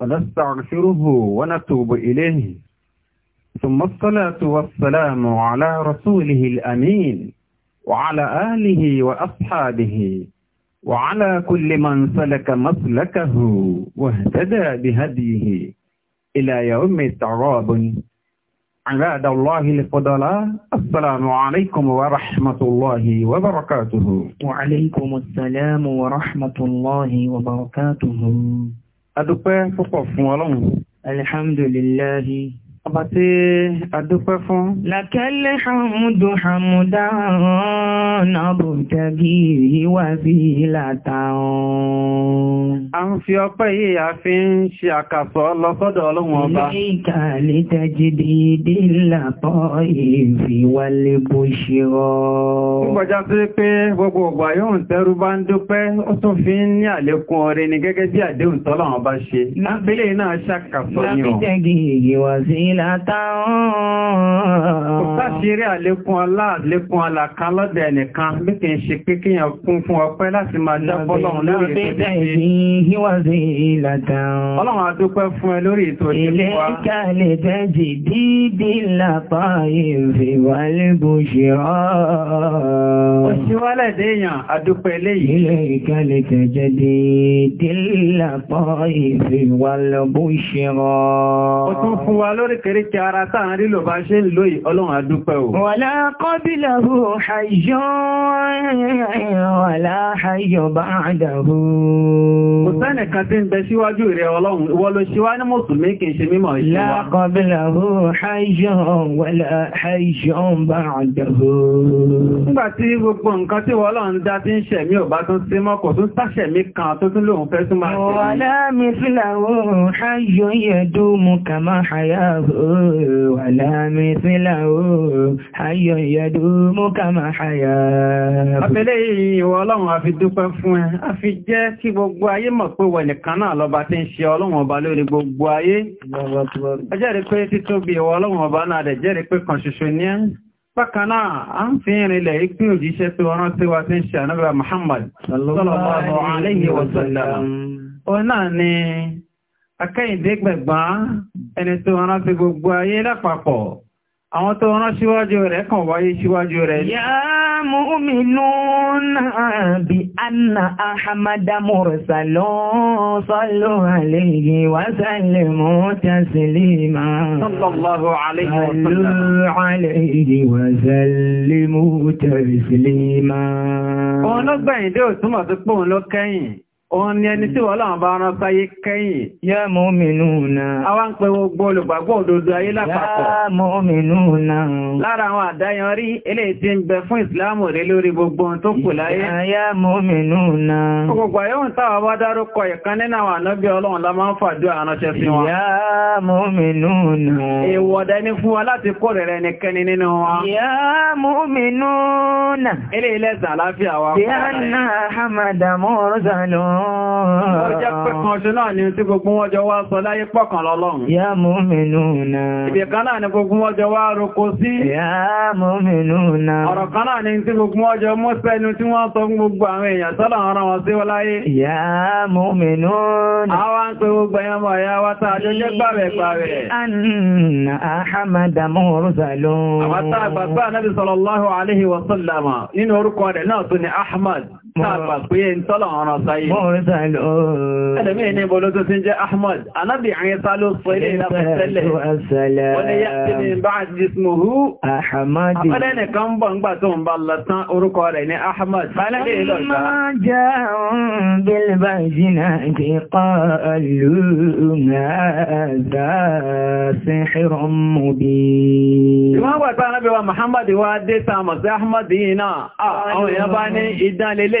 ونستغفره ونتوب إليه ثم الصلاة والسلام على رسوله الأمين وعلى آله وأصحابه وعلى كل من سلك مسلكه واهتدى بهديه إلى يوم التعراب عباد الله الفضلاء السلام عليكم ورحمة الله وبركاته وعليكم السلام ورحمة الله وبركاته adúpẹ́ púpọ̀ fún ọlọ́run alhamdulillahi Ọba tí a dúpẹ́ fún. Làkẹ́lẹ́ hàmúdù hàmúdà ọ̀nà bùtẹ́gì ìwà sí ìlàta ọ̀n. A ń fi ọpẹ́ yìí a fi ń ṣe àkàsọ́ lọ sọ́dọ̀ ọlọ́run ọba. Ilé ìkàlẹ̀ tẹ́jìdì dìlàpọ̀ ìfìwálé bó ṣe rọ. Gbọ́já sí pé gbogbo ọgbà yóò ń tẹ́rú bá ń dúpẹ́, ó tún fi ń ní àlékún ọrẹ ni gẹ́gẹ́ bí àdéhùn tọ́lọ́run ọba ṣe. Lábílẹ̀ náà ṣàkàsọ́ ni látàrán. Kò sáṣírí àlékún ọlá àlékún alàkan lọ́dọ̀ ẹnìkan bí kì í ṣe pé kíyàn kún fún ọpẹ́ láti máa dápọ́ lọ́run lórí ètò ṣe. Ọlọ́run adúpẹ́ fún ẹ lórí ètò ṣe fún wa. Ilé kalẹ̀ tẹ́jì dídí lápá Ó tún fún wa lórí kérékè ara táà rí lò bá ṣe ń lóyìn ọlọ́run àdúpẹ́ o. wàlá kọ́bílẹ̀hù wàlá ayọ̀ bá àdàrú. kò sẹ́nì kan tí ń bẹ síwájú rẹ̀ ọlọ́run ìwọ ló ṣíwá ní mùsùlùmí kìí ṣe mímọ̀ ìṣẹ́wà. lákọ́bílẹ̀hù wàlá ayọ̀ bá àdàrú. nígbà tí gbogbo nǹkan tí wọ́n lọ́n bá tún ولا مثله حي يدوم كما حيا Àfẹ́lẹ́ ìwọ ọlọ́run a fi dúpẹ́ fún ẹ, a fi jẹ́ kí gbogbo ayé mọ̀ pé wọ nìkan náà lọba tí ń ṣe ọlọ́run ọba lórí gbogbo ayé. Ẹjẹ́rìí pé títóbi ìwọ ọlọ́run ọba náà rẹ̀ jẹ́rìí pé kan ṣoṣo ní ẹ́. Bákan náà, a ń fi ìrìnlẹ̀ ìpí òjíṣẹ́ tí wọ́n rántí wa tí ń ṣe ànábì Muhammad sallallahu alaihi wa sallam. Ó náà ni akẹ́yìndé gbẹ̀gbọ́n ẹni tó rán sí gbogbo ayé lápapọ̀ àwọn tó rán síwájú rẹ̀ kàn wáyé síwájú rẹ̀ ní. yá mu'minuna bi anna ahamada mursalun sallu alayhi wa sallimu taslima. sallallahu alayhi wa sallam. sallu alayhi wa sallimu taslima. òun ló Òun ni ẹni tí wọ́n láwọn bá rán sáyé kẹ́yìn. Yá mu'minuna. A wá ń pẹ gbogbo olùgbàgbọ́ òdodo ayé lápapọ̀. Yá mu'minuna. Lára àwọn àdáyan rí eléyìí tí ń bẹ fún ìsìláàmù rẹ lórí gbogbo ohun tó kù láyé. Yá mu'minuna. Gbogbo àyẹ̀wò táwọn bá dárúkọ ìkan nínú àwọn ànábí mu'minuna. Ìwọ̀dẹ ni fún wa wa. Yá náà Hamada Mọ́rọ́sàn Ó jẹ́ pé kan ṣe náà ni tí gbogbo wọn jọ wá sọ láyé pọ̀kan lọ́lọ́run. Yá mu'minuna. Ibi kan náà ni gbogbo wọn jọ wá roko sí. Yá mu'minuna. Ọ̀rọ̀ kan náà ni tí gbogbo wọn jọ mú sẹ́nu tí wọ́n sọ gbogbo àwọn èèyàn sọ́dọ̀ ọ̀rọ̀ wọn sí láyé. Yá mu'minuna. Àwọn ń pe gbogbo ẹyàn mọ̀ ẹ̀yà wa tá àjọ jẹ́ gbàrẹ̀ pàrẹ̀. Anna Ahmad Mursalun. Àwọn tá àgbàgbà Nabi alaihi wa sallama nínú orúkọ náà tó ni Ahmad. Káàpà pé ń tọ́lọ̀ ọ̀ràn sáyé. Mọ́rìsà ìlú. Ẹlẹ́mí ní ibo ló tó ti ń jẹ́ Ahmad. Anábì Àyínsá ló sọ ilé ìlàpẹ̀tẹ́lẹ̀. Wọ́n yá tí mi bá jismuhu. Ahmadi. Ọlẹ́ nìkan bọ̀ ń gbà tó ń bá lọ tán orúkọ rẹ̀ ní Ahmad. Máa jẹ́ òun bílbà jìnà ti kọ́ lù Ìwọ́n gbà tí Anábì wa Muhammad wá dé sàmọ̀ sí Ahmad yìí náà, àwọn èèyàn bá ní ìdánlélé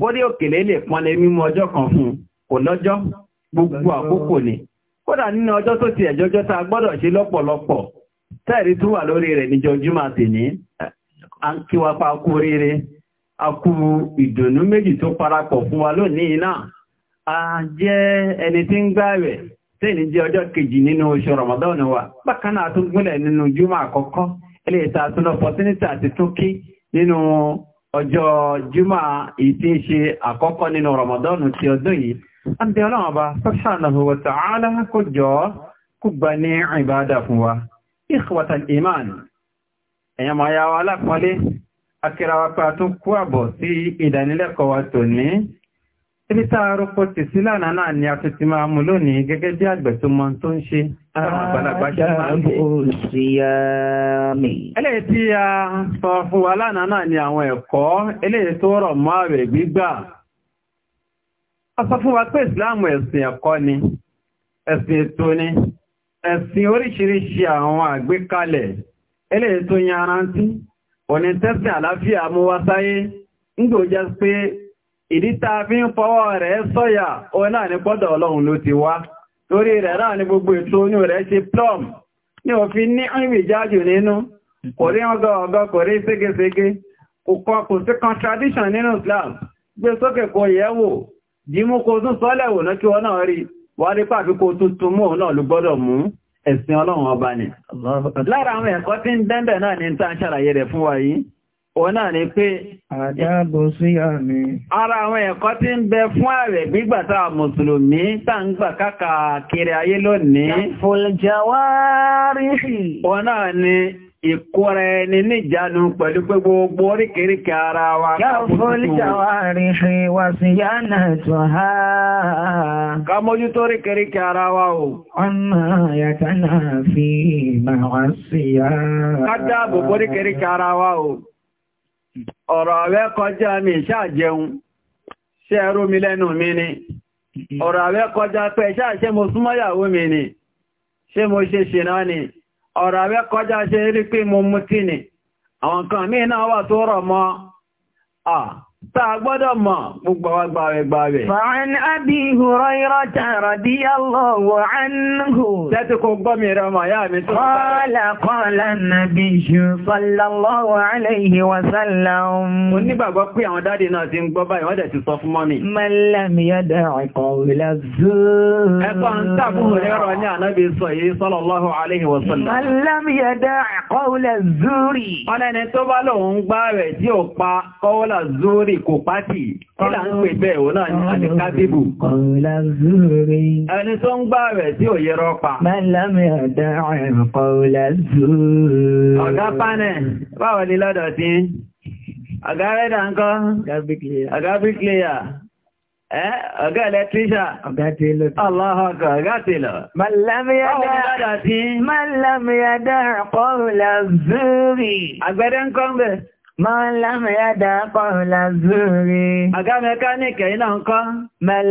bóde òkèlè lè pọnlẹ̀ mímú ọjọ́ kan fún kò lọ́jọ́ gbogbo àkókò ni kódà nínú ọjọ́ tó ti ẹ̀jọ́jọ́ tá gbọ́dọ̀ ṣe lọ́pọ̀lọpọ̀ tẹ́ẹ̀rí tó wà lórí rẹ̀ níjọjúmọ́ àtìní a ń kí wa pa kú ìdùnnú méjì tó parapọ̀ fún wa lónìí náà a jẹ́ ẹni tí wa bákan náà gúnlẹ̀ nínú àkọ́kọ́ eléyìí tún ọjọ́ jùmọ́ èyí tí ń ṣe àkọ́kọ́ nínú Ramadan ti ọdún yìí an bẹ ọlọ́run ọba subhanahu wa ta'ala kó jọ kó gba ní ìbádà fún wa ikhwatal iman ẹ̀yàn máa yá wa alápọ̀lé akẹ́ra wa pé kú àbọ̀ sí ìdánilẹ́kọ̀ọ́ wa tòní Ibi táàrù kò tì sí lánàá náà ni a fi ti máa mú lónìí gẹ́gẹ́ bí àgbẹ̀ tó mọ tó ń ṣe àwọn àgbàlagbà ṣe máa ń ṣe. Eléyìí tí a sọ fún wa lánàá náà ni àwọn ẹ̀kọ́ eléyìí tó rọ̀ mọ́ àwẹ̀ gbígbà. A sọ fún wa pé ìsìláàmù ẹ̀sìn ẹ̀kọ́ ni, ẹ̀sìn ètò ni, ẹ̀sìn oríṣiríṣi àwọn àgbékalẹ̀ eléyìí tó yanrantí, òní tẹ́sìn àlàáfíà mú wa sáyé, ń gbòjá pé ìdí fi ń fọwọ́ rẹ̀ sọ́yà o náà ní pọ́dọ̀ ọlọ́run ló ti wá torí rẹ̀ náà ní gbogbo ètò oyún rẹ̀ ṣe plum ní òfin ní ìrìnjájò nínú kò rí ọgọ́ ọgọ́ kò rí ségesège kò sí contradiction nínú Islam gbé sókè kò dìímú tún sọ́lẹ̀ wò ná kí wọ́n náà rí wà mú ló gbọ́dọ̀ mú ta ṣàlàyé rẹ̀ òun náà ni pé àdábò ara àwọn ẹ̀kọ́ tí ń bẹ fún ààrẹ gbígbàtà mùsùlùmí tàǹgbà káàkà kiri ayé lónìí fòlìjàwárìhì òun náà ni ìkóra ẹni níjánu pẹ̀lú pé gbogbo oríkèríkè ara wa fòlìjàwárìhì wà sí yánà tó ha ká mójútó oríkèríkè ara wa o ọmọ yàtánà fi màá sí yá ká dáàbò oríkèríkè ara wa o ọ̀rọ̀ àwẹ́ kọjá mi ṣáàjẹun ṣe ẹrú mi lẹ́nu mi ni ọ̀rọ̀ àwẹ́ kọjá ṣe ṣáàṣẹ́ mo súnmọ́yàwó mi ni ṣe mo ṣe ṣìná ni ọ̀rọ̀ àwẹ́ kọjá ṣe rí pé mo mutí ni àwọn kan mí náà wà tó rọ̀ mọ́ Táà gbọ́dọ̀ mọ̀ gbogbo wa gbàwẹ̀ gbàwẹ̀. Fa'an Abi Hurairata radiyallahu anhu. Tẹ́tí kò gbọ́ mi rẹ̀ ọmọ ìyá mi tó bá. Qala qala an-nabiyyu sallallahu alayhi wa sallam. Mo nígbàgbọ́ pé àwọn dáàdì náà ti ń gbọ́ báyìí, wọ́n dẹ̀ ti sọ fún mọ́mì. Man lam yad'i qawla zur zúrì kò pátì kílà ń pè bẹ́ẹ̀ òun náà ní àdíkádìbù ẹni tó ń gbá rẹ̀ tí ò yẹ rọpa ọ̀gá pánẹ̀ báwọn ni lọ́dọ̀ tí ọ̀gá rẹ́dà ń kọ́ ọ̀gá bíkìlẹ̀yà Ọ̀gá ẹlẹ́tíríṣà. Ọ̀gá ọ̀gá tèlò. Màlámi ẹ̀dá àkọ́ Àgbẹ̀dẹ́ ń kọ́ ń bẹ̀. Máa lámà yádá kọ́ọ̀lá zúrí. Àgá mẹkáníkẹ̀ iná ń kọ́. Máa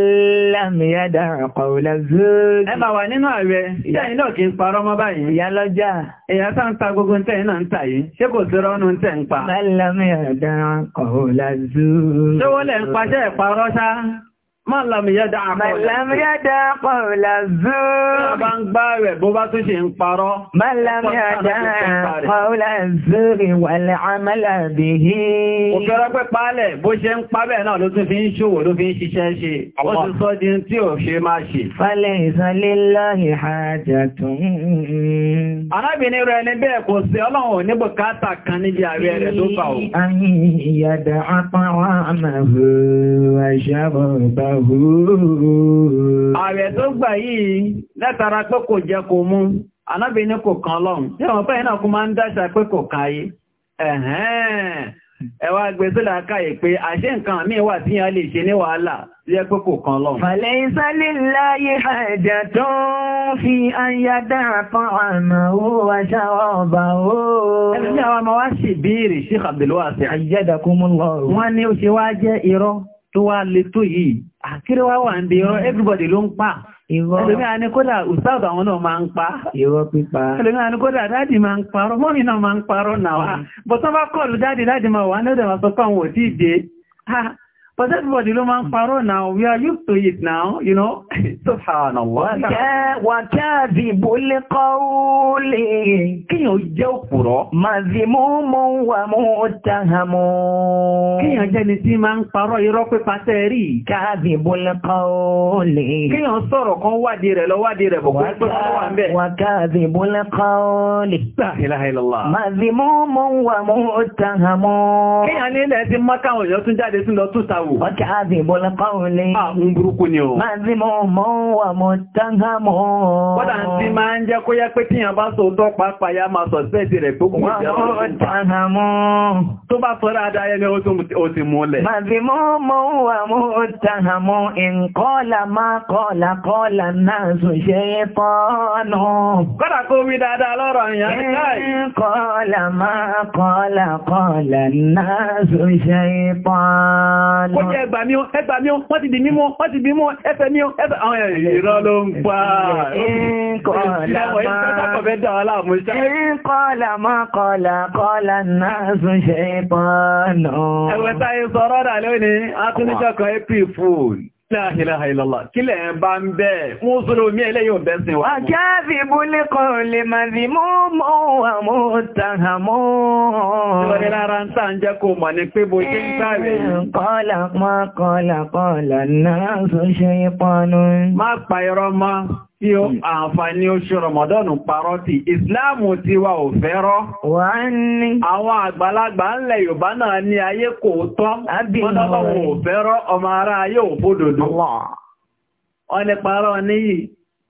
lámà yádá kọ́ọ̀lá zúrí. Ẹ máa wà nínú ààrẹ, tẹ́yìn náà kì í parọ́ mọ́ báyìí. Ìyá lọ́jà. Èyàn sá ń ta gbogbo tẹ́yìn náà ń tà Máa lámì yẹ́dá àkọọ̀lá zúúrù. Bá ń gbá rẹ̀ bó bá tún ṣe ń parọ́. Máa lámì yẹ́dá àkọọ̀lá zúúrù wà láàmàlà bí i. Òkèrè pẹ́ pálẹ̀ bó ṣe ń pa bẹ́ẹ̀ náà ló tún fi ń ṣòwò ló fi ń ṣiṣẹ́ ṣe. Ó tún tí ò ṣe máa ṣe. Fálẹ̀ ìsọlélọ́hì Ààrẹ tó gbà yìí látara pé kò jẹ kò mú, ànábì ní kò kan lọ́run. Tí àwọn fẹ́yìn náà kú máa ń dáṣà pé kò káyé. Ẹ̀hẹ́n ẹwà gbẹ̀sílẹ̀ akáyè pé àṣẹ nǹkan àmì wà tí a lè ṣe ní wàhálà jẹ́ pé kò kan lọ. Fàlẹ̀ fi ayádá kan àmà ó aṣá ọba ó. Ẹni tí àwọn ọmọ wá ṣì bí ìrìṣí Abdulwasi tó wá lè tó yìí àkírí wá wà ń bí ọ everybody ló ń pa ẹlòmí àní kódà ustaz àwọn náà máa ń pa irọ́ pípa ẹlòmí àní kódà dáàdì máa ń parọ́ mọ́mí náà máa ń parọ́ náà mm. bọ̀tán bá kọlù dáàdì dáàdì máa wà ní ọ̀dẹ̀ máa sọ àwọn ò tí But everybody ló máa ń parọ́ now, we are used to it now, you know, subhanallah. Wàkádìbò lè kọ́ ó lè. Kíyàn jẹ́ òpùrọ́. Màzìmú mú wà mú tàhàmú. Kíyàn jẹ́ ni tí máa ń parọ́ irọ́ pípa tẹ́rí. Kádìbò lè kọ́ ó lè. Kíyàn sọ̀rọ̀ kan wádìí rẹ̀ lọ wádìí rẹ̀ bọ̀kọ́ pé wọ́n wà ń bẹ̀. Wàkádìbò lè La ilaha illallah. Màzìmú mú wà mú tàhàmú. Kíyàn nílẹ̀ ti mọ́kàwọ̀ yọ tún jáde tún lọ tún ta wò. Ọkà àbìbọ́lá káwọlé. Àwọn burúkú ni o. Máa ti mọ mọ́ wà mọ́ tángàmọ́. Kọ́dà ti máa ń jẹ́ kó yẹ pé tíyàn bá sọ tó pàápàá yá máa sọ sẹ́ẹ̀tì rẹ̀ tó kù jẹ́ ọ̀rọ̀. Tángàmọ́. Tó bá fọ́ra adáyẹ ni ó ti múlẹ̀. Máa ti mọ́ mọ́ wà mọ́ tángàmọ́. Ìǹkọ́là máa kọ́là kọ́là náà sùn ṣe é tọ́nù. Kọ́dà kó wí dáadáa lọ́rọ̀ yẹn. Ìǹkọ́là máa kọ́là kọ́là náà sùn ṣe é tọ́nù ó jẹ́ ẹgbà mi ẹgbà mi wọ́n ti di mímú wọ́n ti bímú ẹfẹ́ mi ẹfẹ́ àwọn ìrọ́ ló ń pa Kọ́lá náà sún ṣe pọ̀ náà. Ẹwẹ́ta láàrínláà ìlọ́lá kí lẹ̀ ń bá ń bẹ́ wọ́n sọ́rọ̀ omi ẹlẹ́yìn ọ̀bẹ́sìn wà. àjáàbì búlé kan lè máa fi mú mọ́ àmọ́ tàhà mọ́. ìwọ̀n lára ń tí ó hmm. àǹfààní oṣù Ramadan parọ́tì ìsìláàmù tí wà ò fẹ́rọ́. Àwọn àgbàlagbà ńlẹ̀ Yorùbá náà ní ayé kò tọ́, wọ́n dábàwò ò fẹ́rọ́ ọmọ ará ayé òfódòdó. Wọ́n ní parọ́ níyìí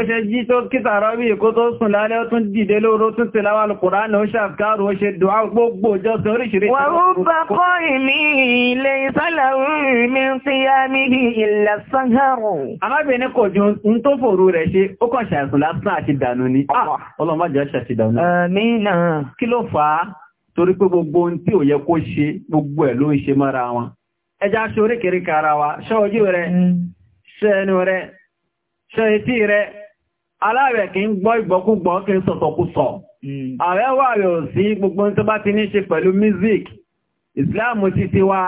ṣe jí tó kíta rọ́bí èkó tó sùn lálẹ́ ó tún dìde lóòrò tún ti láwà lùkùránì ó ṣàfikárò ó ṣe dùn gbogbo ìjọsìn oríṣìíríṣìí. wà ó bá kọ́ ìmí ilé ìsọ́lẹ̀ orí mi ti yá mi ilẹ̀ sọ́hẹ̀rù. arábìnrin torí pé gbogbo ohun tí ò yẹ kó ṣe gbogbo ẹ̀ ló ń ṣe mọ́ra wọn ẹja ṣe oríkèéríkà ara wa ṣọ́ ojú rẹ̀ mm. ṣọ́ ẹnu rẹ̀ ṣọ́ etí rẹ̀ aláàrẹ̀ kí ń gbọ́ ìgbọ́kúgbọ́ kí ń sọ̀tọ̀kúsọ̀ hmm. ààrẹ wà rẹ̀ ò sí gbogbo tó bá ti ní ṣe pẹ̀lú music ìsìláàmù ti ti wá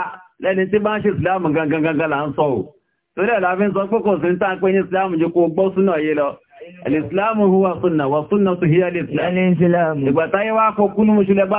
lẹ́ni tí bá ń ṣe ìsìláàmù gangan gangan là ń sọ ò torí ẹ̀ láfin sọ pé kò sí ń tán pé ní ìsìláàmù jẹ́ kó gbọ́ súnà yé lọ الاسلام هو سنة والسنة هي الاسلام الاسلام ìgbàtayé wá kọkúnú mú ṣúlẹ̀ bá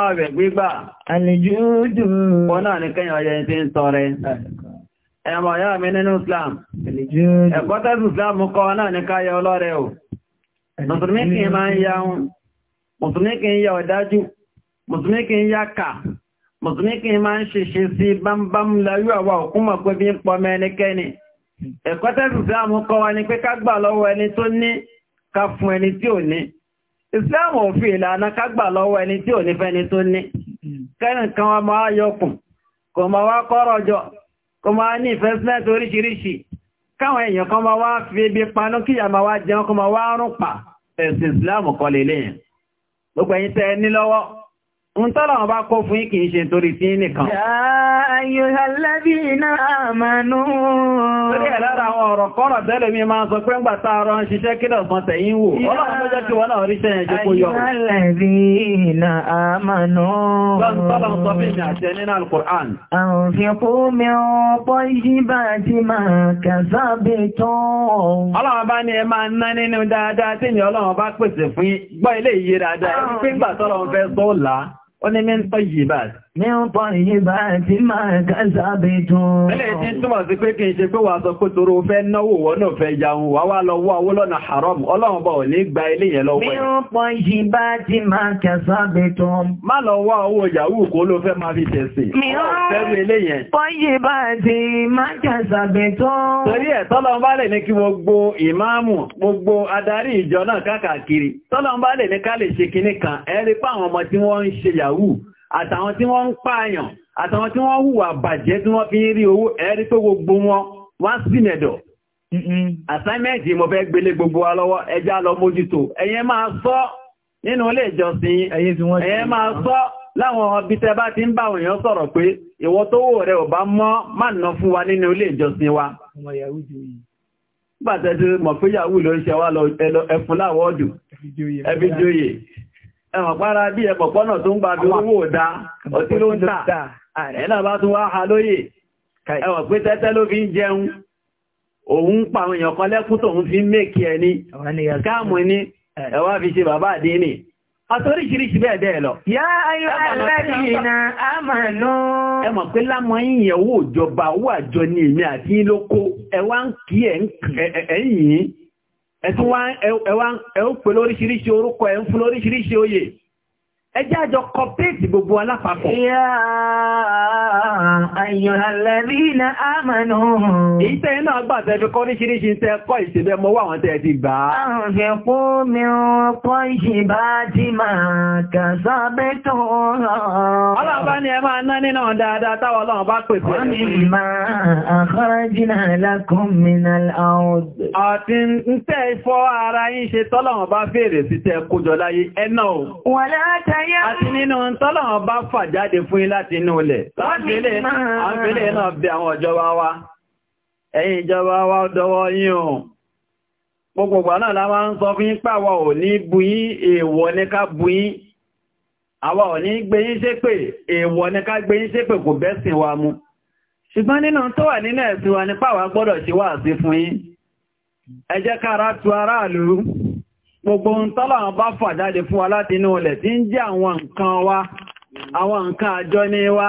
àdúrà rẹ̀ gbígbà. Àlejò Wọ́n náà ní kẹ́yàn ọjọ́ ti ń tọrẹ. Ẹ̀mọ̀ yá mi nínú Islam. Àlejò Islam kọ́ náà ní káyọ ọlọ́rẹ o. Mùsùlùmí kì í máa ń ya Mùsùlùmí kì í ya ọ̀dájú. Mùsùlùmí kì í ya kà. Mùsùlùmí kì í máa ń ṣèṣe sí bámbám láyú àwa Islam ò fi ìlànà kágbà lọ́wọ́ ẹni tí ò tó ní kẹ́rin kan wa máa yọkùn kò máa wá kọ́rọ̀jọ kò máa ní investment oríṣiríṣi káwọn èèyàn kan máa wá fi ibi panú kíyà máa wá jẹun kó máa wá rún pa Islam kọ lè ń tọ́lọ̀ wọn bá kó fún ìkì ìṣe torí tí nìkan. Ayò alábí náà Torí ẹ̀ àwọn ọ̀rọ̀ kọ́rọ̀ tẹ́lẹ̀ mi máa sọ pé ń gbà sáàrọ̀ ń ṣiṣẹ́ kí lọ̀sán tẹ̀yìn wò. Ọlọ́run tó jẹ́ kí wọ́n náà ríṣẹ́ ẹjọ́ kó yọ. Ayò alábí náà mánú. Tọ́lọ̀ sọ fún ìṣẹ́ àti ẹni náà Kùrán. Àwọn fi kú ó ní min tayyibat ní ọ̀pọ̀ ìyíbá tí máa kásá bí tún. Ẹlẹ́ tí túnmọ̀ sí pé kí n ṣe pé wà sọ pé toró fẹ́ náwó wọ́nà fẹ́ jaun wà wá lọ wọ́ owó lọ́nà haram ọlọ́run bá ò ní gba ilé yẹn lọ́wọ́ ẹ̀. Ní ọ̀pọ̀ ìyíbá tí máa kásá bí tún. Má lọ wá owó yahoo kó ló fẹ́ máa fi tẹ̀sí. Mi ò fẹ́rù ilé yẹn. Ọ̀pọ̀ ìyíbá tí máa kásá bí tún. Torí ẹ̀ tọ́lọ́ gbogbo adarí ìjọ náà káàkiri. Tọ́lọ́ ní ká lè ṣe kinní kan, ẹ ọmọ tí wọ́n ń ṣe yahoo àtàwọn tí wọ́n ń pààyàn àtàwọn tí wọ́n hùwà bàjẹ́ tí wọ́n fi ń rí owó ẹ̀rí tó gbogbo wọn wọ́n sì mẹ̀dọ̀ assignment mo fẹ́ gbélé gbogbo wa lọ́wọ́ ẹjá lọ mójútó ẹ̀yẹn máa sọ nínú ilé ìjọsìn ẹ̀yẹn máa sọ láwọn ọbí tẹ bá ti ń bá òyìn sọ̀rọ̀ pé ìwọ tó wò rẹ ò bá mọ́ má ná fún wa nínú ilé ìjọsìn wa bàtẹ́ ti mọ̀ pé yahoo ló ń ṣe wá lọ ẹfun láwọ́ọ̀dù ẹbí jóyè ẹ̀wọ̀n pára bí ẹ̀pọ̀ pọ́nà tó ń gba bí owó òdá ọtí ló ń tà ẹ̀nà bá tún wá ha lóyè ẹ̀wọ̀n pé tẹ́tẹ́ ló fi ń jẹun òun ń pa àwọn lẹ́kún fi ń mẹ́kì ẹ̀ ní káàmù ní fi ṣe bàbá àdé nì àtoríṣiríṣi bẹ́ẹ̀ lọ. yá ayọ́ ẹ̀tún wá ẹ̀wọ́n pẹ̀lú oríṣiríṣi orúkọ ẹ̀ ń fún oríṣiríṣi oyè Ẹjẹ́ àjọ kọpéètì gbogbo alápapọ̀. Yá àyàn àlẹ́rí iná àmànà. Èyí tẹ́ iná àgbàtẹ́ fi kọ́ níṣiríṣi tẹ́ kọ́ ìṣẹ́bẹ́ mọ́ wà wọ́n tẹ́ ti gbà á. Àwọn ọ̀fẹ́ kó mi ọ̀pọ̀ ìṣìbá ti máa kàṣà bẹ́ tó rọ̀. Ọlọ́ọ̀bá ni ẹ máa ná nínú dáadáa táwọn ọlọ́run bá pèsè. Wọ́n ní máa àkọ́rẹ́jìnà lákùnmínà àọ́dù. Àti ń tẹ́ ìfọ́ ara yín ṣe tọ́lọ́run bá fèrè sí tẹ́ kójọ láyé ẹ náà. Wọ́n látẹ́ Àti nínú tọ́lọ̀wọ̀n bá fà jáde fún yín láti inú ilẹ̀. Àfẹ́lẹ̀ náà bẹ àwọn ìjọba wa. Ẹ̀yin ìjọba wa dọwọ́ yín o. Gbogbogbà náà la máa ń sọ fún yín pàwà ò ní bu yín èèwọ̀ ní ká bu yín. Àwa ò ní gbé yín ṣépè, èèwọ̀ ní ká gbé yín kò bẹ́sìn wa mu. Ṣùgbọ́n nínú tó wà nínú ẹ̀sìn wa ní pàwà gbọ́dọ̀ ṣe wà sí fún yín. Ẹ jẹ́ ká ara tu aráàlú. gbogbo ń tọ́lá àwọn bá fà jáde fún wa láti inú ilẹ̀ tí ń jẹ́ àwọn nǹkan wa àwọn nǹkan àjọní wa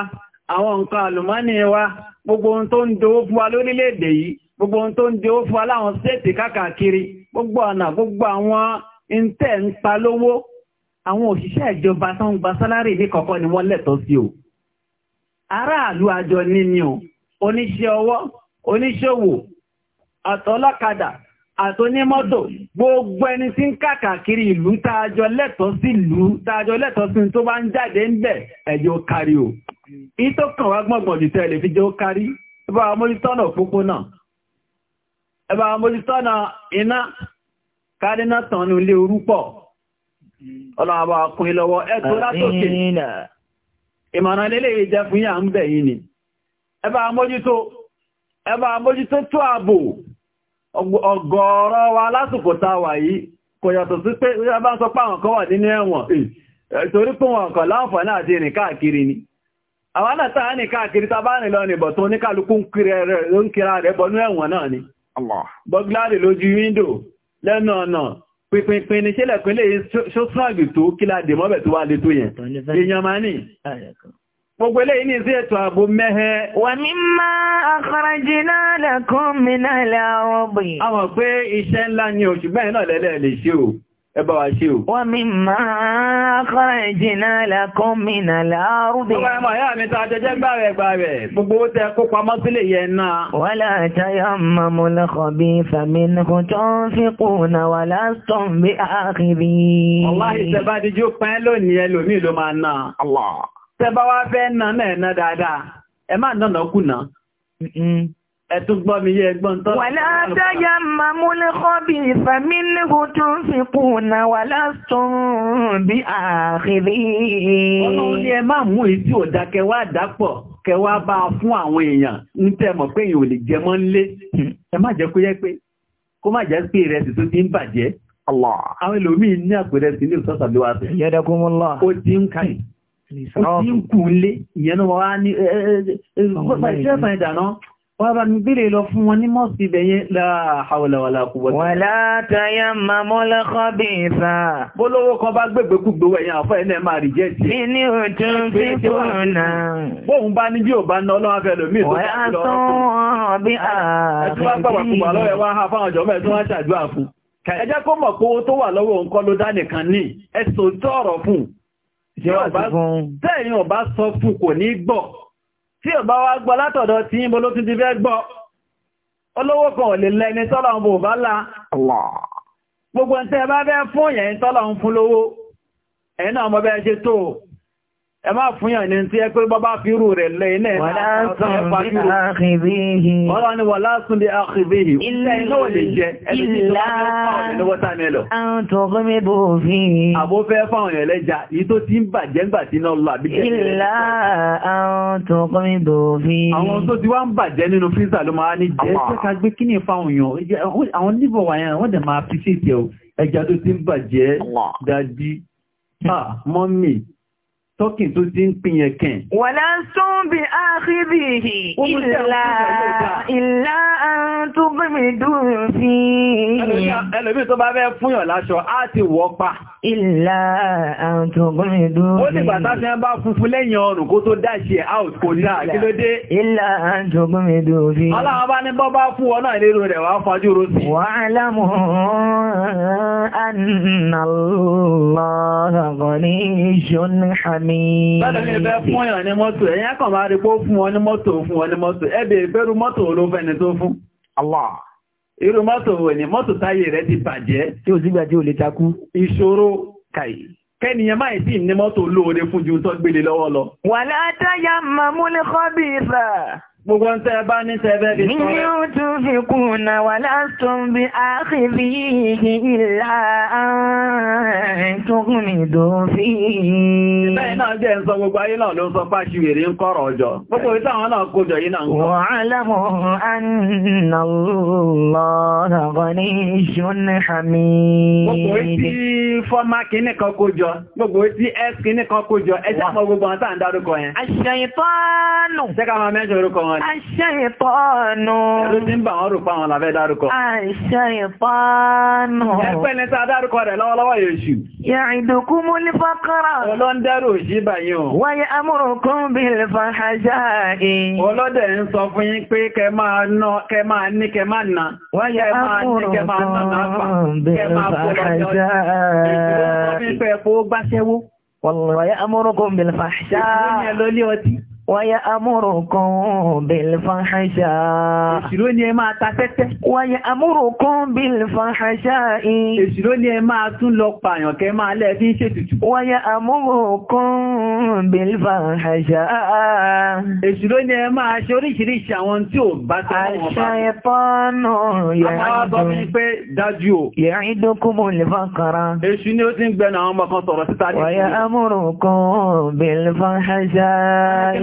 àwọn nǹkan àlùmọ́nì wa gbogbo ohun tó ń dowó fún wa lórílẹ̀-èdè yìí gbogbo ohun tó ń dowó fún wa láwọn stéètì káàkiri gbogbo ọ̀nà gbogbo àwọn ìntẹ́ ń pa lówó àwọn òṣìṣẹ́ ìjọba tó ń gba sálárì ní kọ̀ọ̀kan ni wọ́n lẹ́tọ̀ọ́ sí o aráàlú àjọ níní o oníṣẹ́ ọwọ́ oníṣòwò àtọlọ́kadà àtọ́nímọ́tò gbogbo ẹni tí ń kàkàkiri ìlú tààjọ lẹ́tọ̀ọ́ sí ìlú tààjọ lẹ́tọ̀ọ́ sí tó bá ń jáde ń bẹ̀ ẹjọ́ kárí o ìtò kàn wá gbọ̀ngbọ̀n jù tẹ́lẹ̀ fi jẹ́ kárí ẹbá amójútọ́nà òpópónà ẹbá amójútọ́nà iná náà tàn ní ilé orúpọ̀ lọ́wọ́ látòkè ìmọ̀ràn jẹ́ fún yà ń bẹ̀ yìí ni tó ààbò ọgọ́rọ̀ wa lásìkò tá wà yìí kò yàtọ̀ sí pé ó bá ń sọ páwọn kan wà nínú ẹ̀wọ̀n eh, eh, torí pé wọn kọ̀ láǹfààní àti ìrìn káàkiri ni àwọn náà táà ní káàkiri tàbá rìn lọ nìbọ̀ tó oníkàlùkù ń kira rẹ̀ bọnú ẹ̀wọ̀n náà ni bọ́gláàrì lójú wíńdò lẹ́nu ọ̀nà pínpínpín ní ṣẹlẹ̀kùnlé ṣó sàn àgbì tó kílà dèmọ́bẹ̀ tó wà lè tó yẹn èèyàn máa ní gbogbo eléyìí ní sí ètò ààbò mẹ́hẹ́. wà mímá akọrọjìnà lẹ́kùn mi náà lẹ́ àwọn ọ̀bìn. a mọ̀ pé iṣẹ́ ńlá ni o ṣùgbọ́n iná lẹ́lẹ́ lè ṣe o ẹbá wa ṣe o. wà mímá akọrọjìnà lẹ́kùn mi náà lẹ́ àwọn ọ̀bìn. ọmọ yá mi tó ń fi tẹba wá fẹ́ náà náà náà dáadáa ẹ máa náà náà kùnà ẹ̀tún gbọ́ mi yẹ ẹgbọ́n tọ́ wàlá dáyà mamúlẹ̀ kọ́bí ìfàmílẹ̀kù tó ń fi kùnà wàlá tún bí àkìrí ọlọ́run ní ẹ máa mú ìdí òdá kẹwàá dápọ̀ kẹwàá bá fún àwọn èèyàn ń tẹ́ mọ̀ pé èèyàn ò lè jẹ mọ́ nlé ẹ má jẹ́ kó yẹ pé kó má jẹ́ pé ìrẹsì tó ti ń bàjẹ́ àwọn ẹlòmíín ní àpẹẹrẹ sí ilé ìtọ́sàlẹ́wà ó ti ń kù ń lé ìyẹn náà wá ní ẹgbẹ́ ìdáná wọ́n bá mi bèèrè lọ fún wọn ní la hawla wala quwwata. wala tayammamul khabitha. bólówó kan bá gbègbè kúgbò ẹ̀yìn àfọ́ ẹ̀ náà máa rí jẹ́ sí. kíní òjò fífòrùnà. bóun bá ní bí ò bá ná ọlọ́wọ́ fẹ́ lómi ìtọ́jú lọ. wọ́n á bí ààrẹ. ẹ tí wọ́n gbàgbà kúgbà lọ́wọ́ ẹ wá ha fáwọn ọjọ́ mẹ́rin tí wọ́n ṣàdúrà fún. ẹ jẹ́ kó mọ̀ pé owó tó wà lọ́wọ́ òun kọ́ ló dá nìkan ní ẹ sòótọ́ ọ̀rọ̀ fún un Tẹ́yìn ọba sọ fún kò ní gbọ́. Tí ọba wá gbọ́ látọ̀dọ̀ tí ń bolo tún ti fẹ́ gbọ́. Olówó kan ò lè lẹ́ni tọ́lọ̀ ń bò bá lá. Gbogbo ń tẹ́ bá fẹ́ fún yẹn tọ́lọ̀ ń fún lówó. Ẹ̀yìn náà mọ́ bẹ́ẹ̀ ṣe tó ẹ máa fún yàn ní tí ẹ pé bọ́bá fírù rẹ̀ lẹ ilẹ̀ ọ̀rọ̀ ni wà lásùn lè àkìbìhì ilẹ̀ iná ò lè jẹ àbófẹ́ fáwọn ẹlẹ́ja yìí tó ti ń bàjẹ́ ńgbà tí náà lọ àbíkẹ́ àwọn tó ti wá ń bàjẹ́ nínú fíìsà ló máa ní jẹ́ ṣẹ́kagbé kí ní fáwọn èèyàn àwọn níbọ̀ wáyàn wọ́n dẹ̀ máa fi ṣètẹ̀ ẹja tó ti ń bàjẹ́ dájí ah, mọ́mí tọ́kì tó ti ń pin yẹn kẹ̀. wọ̀lá sún bí áhìrìhì ìlà ìlà tó gbẹ̀mí dùn sí i. ẹlòmí tó bá fẹ́ fúnyàn láṣọ á ti wọ́ pa. ìlà tó gbẹ̀mí dùn sí ó ti bàtà fi bá funfun lẹ́yìn ọrùn kó tó dáṣe out kò dá kí ló dé. ìlà tó gbẹ̀mí dùn sí i. ọlọ́run bá ní bọ́ bá fún ọ náà lérò rẹ̀ wá fọjú ro wàhálà mọ́ ànàlọ́ọ̀gọ́ ní العالمين irú mọ́tò wò ní mọ́tò táyé rẹ̀ ti bàjẹ́ tí ó sígbà tí lè takú ìṣòro kàì kẹ́niyàn máa tí ní mọ́tò olóore fún ju gbélé lọ́wọ́ lọ wà látàyà mọ́múlẹ́kọ́bí ìfà Gbogbo ń tẹ́ bá ní tẹ́bẹ́ bí sọ́rọ̀. Ní ó tún fi kùnà wà látún bí ákìrí ìhì ìlà ààrùn ìdòfí. Ìbẹ́ náà jẹ́ ń sọ gbogbo ayé náà ló sọ páṣí ń kọ́rọ̀ ọjọ́. Gbogbo ìtàwọn náà kójọ yìí náà ń kọ́. Wa'lamu anna Allaha hamid wọn. Àṣẹ ìpọ́nù. Ẹ̀rú ti ń bà wọ́n rò pa àwọn làbẹ́ dárúkọ. Àṣẹ ìpọ́nù. Ẹgbẹ́ ni tá a dárúkọ rẹ̀ lọ́wọ́lọ́wọ́ yòṣù. Yàìdùkú mú ní fọ́kọ́rọ̀. Ọlọ́ndẹ́rù òṣì bàyí o. Wáyé amúrùkún bí lè fa àṣà Ọlọ́dẹ̀ ń sọ fún yín pé kẹ máa ná kẹ máa ní kẹ máa ná. Wáyé amúrùkún bí lè fa àṣà Ìjọba fi pẹ̀ fowó gbáṣẹ́wó. Wọ́n lọ amúrùkún bí lè fa àṣà ì. Ìjọba Wáyá amúrùkún bilfahṣá. Èṣìró ni ẹ máa ta tẹ́tẹ́. Wáyá amúrùkún bilfahṣá in. Èṣìró ni ẹ máa tún lọ pààyàn kẹ máa lẹ́ fi ń ṣètùtù. Wáyá amúrùkún bilfahṣá. Èṣìró ni ẹ máa ṣe oríṣiríṣi àwọn tí ò bá tọ́ wọn bá. Àṣà ẹ̀pọ́nù yẹ̀rìndùn. Àwọn àbọ̀ mi pé dájú o. Yẹ̀rìndùn kún lè fọ́nkara. kan sọ̀rọ̀ síta. Wáyá amúrùkún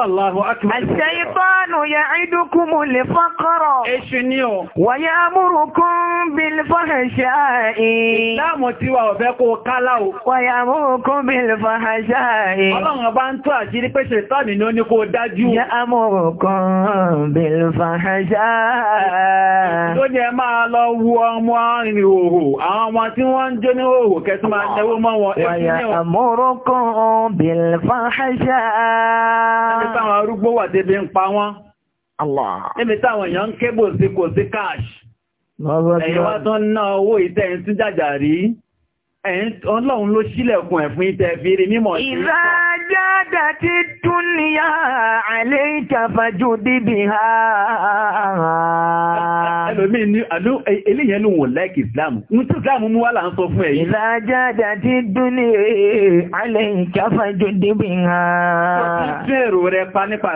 Allahu akbar. Ash-shaytanu ya'idukumul faqra. Èṣù ni o. Wa ya'murukum bil fahsha'i. Ìsìláàmù ti wà ọ̀fẹ́ kó kálá o. Wa ya'murukum bil fahsha'i. Ọlọ́run bá ń tó àṣírí pé ṣètọ́nì ni ó ní kó dájú. Ya'murukum bil fahsha'i. Ló ní ẹ máa lọ wu ọmọ arìnrìn òhò, àwọn ọmọ tí wọ́n ń jó ní òhò kẹsí máa tẹwó mọ́ wọn. Wa ya'murukum bil fahsha'i. táwọn arúgbó wà débi ń pa wọ́n níbi táwọn èèyàn ń kébò sí kò sí cash ẹ̀yìn wá tán ná owó jàjà rí ọlọ́run ló sílẹ̀kùn ẹ̀fún ìtẹ́ زادت الدنيا عليك فجد بها ẹlòmí ní àdó eléyẹn ló wọ̀n láìkì islam ní tí islam mú wá là ń sọ fún ẹ̀yìn ìlàjáde àti dúnlé alẹ́ ìkáfàjò dìbì hàn tí èrò rẹ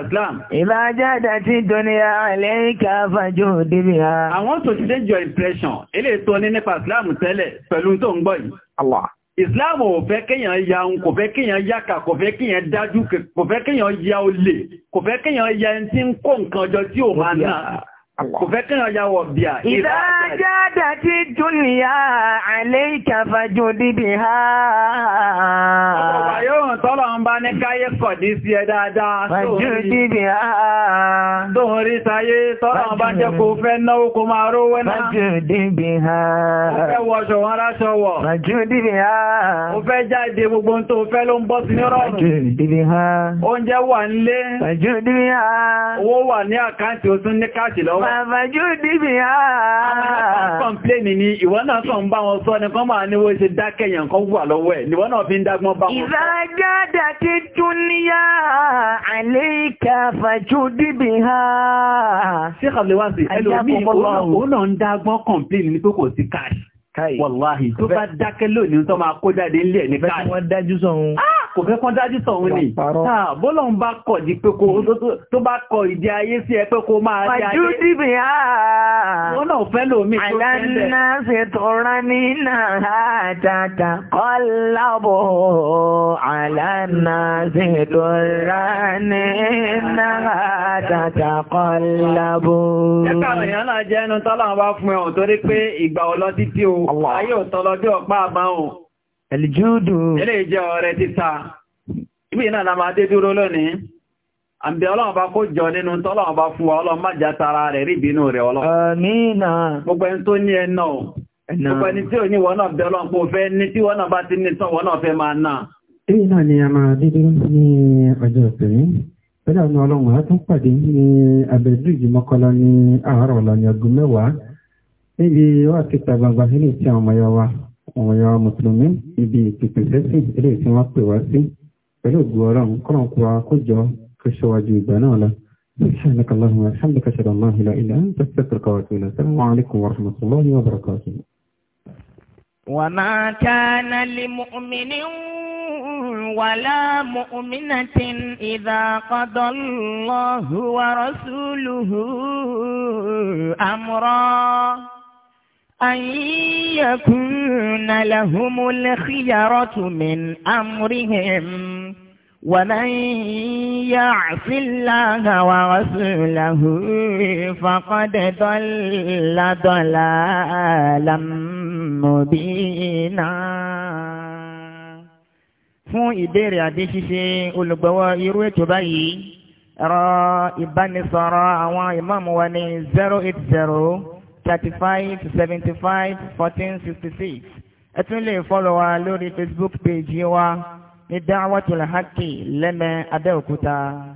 islam ìlàjáde àti dúnlé alẹ́ ìkáfàjò dìbì hàn àwọn tó ti dé jọ impression eléyìí tó ní islam tẹ́lẹ̀ pẹ̀lú tó ń islam ò fẹ́ kíyàn ya ń kò fẹ́ kíyàn yáka kò fẹ́ kíyàn dájú kò fẹ́ kíyàn ya olè kò fẹ́ kíyàn ya ẹni tí ń kó nǹkan ọjọ́ tí ò máa náà Kò fẹ́ kí ọjà wọ̀ bí a. Ìdá jáde ti dúnìyà àlẹ́ ìkàfà jù dìbì ha. Ọ̀pọ̀pọ̀ yóò hàn tọ́lọ̀ ń bá ní káyé kọ̀dí sí ẹ dáadáa. Fàjú dìbì ha. Tóhun rí sáyé tọ́lọ̀ ń bá jẹ́ kó fẹ́ náwó kó máa rówó náà. Fàjú dìbì ha. Ó fẹ́ wọṣọ wọn ráṣọ wọ̀. Fàjú dìbì ha. Ó fẹ́ Màmàjú dìbì ha. Kọ̀m̀pléènì ni ìwọ náà sọ ń bá wọn sọ ní kọ́mà níwó ṣe dákẹ̀yàn kan wà lọ́wọ́ ẹ̀. Ìwọ náà fi ń dágbọ́n bá wọn sọ. ti tún níyà àléìkà fàjú dìbì ha. Ṣé kàbílẹ̀ wá sí ẹlòmíì òun náà ń dágbọ́n kọ̀m̀pléènì ní pé kò sí káàṣì wàláhì tó bá dákẹ́ lónìí tó máa kó jáde ilé ẹ̀ ní káì kò fẹ́ kán ah, dájú sọ̀hún ni ah, bọ́lọ̀ ń bá kọ̀ di pé kó tó bá kọ ìdí ayé sí ẹ pé kó máa ṣe ayé ojú dìbì á wọn náà fẹ́ lómi tó fẹ́ lẹ̀ àlànà ṣe tọrọ nínà àtàtà kọ́lábọ̀ àlànà ṣe tọrọ nínà àtàtà kọ́lábọ̀. ẹ̀ka àrùn yẹn náà jẹ́ ẹnu tọ́lá wọn fún ẹ̀ ò torí pé ìgbà ọlọ́ títí o. Ayé òtọ́lọ́dé ọ̀pá àbáhùn. Ẹ̀lìjúdù. ọlọ́run bá kó jọ nínú tọ́lọ́run bá fún ọlọ́run má já tara rẹ̀ rí ìbínú rẹ̀ ọlọ́run. Àmínà. Gbogbo ẹni tó ní ẹ náà. Gbogbo tí ò ní wọ́n náà ọlọ́run pé fẹ́ ní tí wọ́n bá ti ní tán wọ́n fẹ́ máa náà. سبحانك اللهم وبحمدك اشهد ان لا اله الا انت استغفرك واتوب اليك السلام عليكم ورحمه الله وبركاته وما كان لمؤمن ولا مؤمنة إذا قضى الله ورسوله أمرا أن يكون لهم الخيرة من أمرهم ومن يعص الله ورسوله فقد ضل ضلالا مبينا fún ìbéèrè àti olùgbọ́wọ́ irú ètò báyìí ẹ̀rọ ìbánisọ̀rọ̀ àwọn ìmáàmù wa ní zero eight zero thirty-five seventy-five fourteen sixty-six ẹ tún lè fọ́lọ̀ wa lórí Facebook page wa ní Da'watul Haqqi lẹ́mẹ̀ẹ́ Abẹ́òkúta.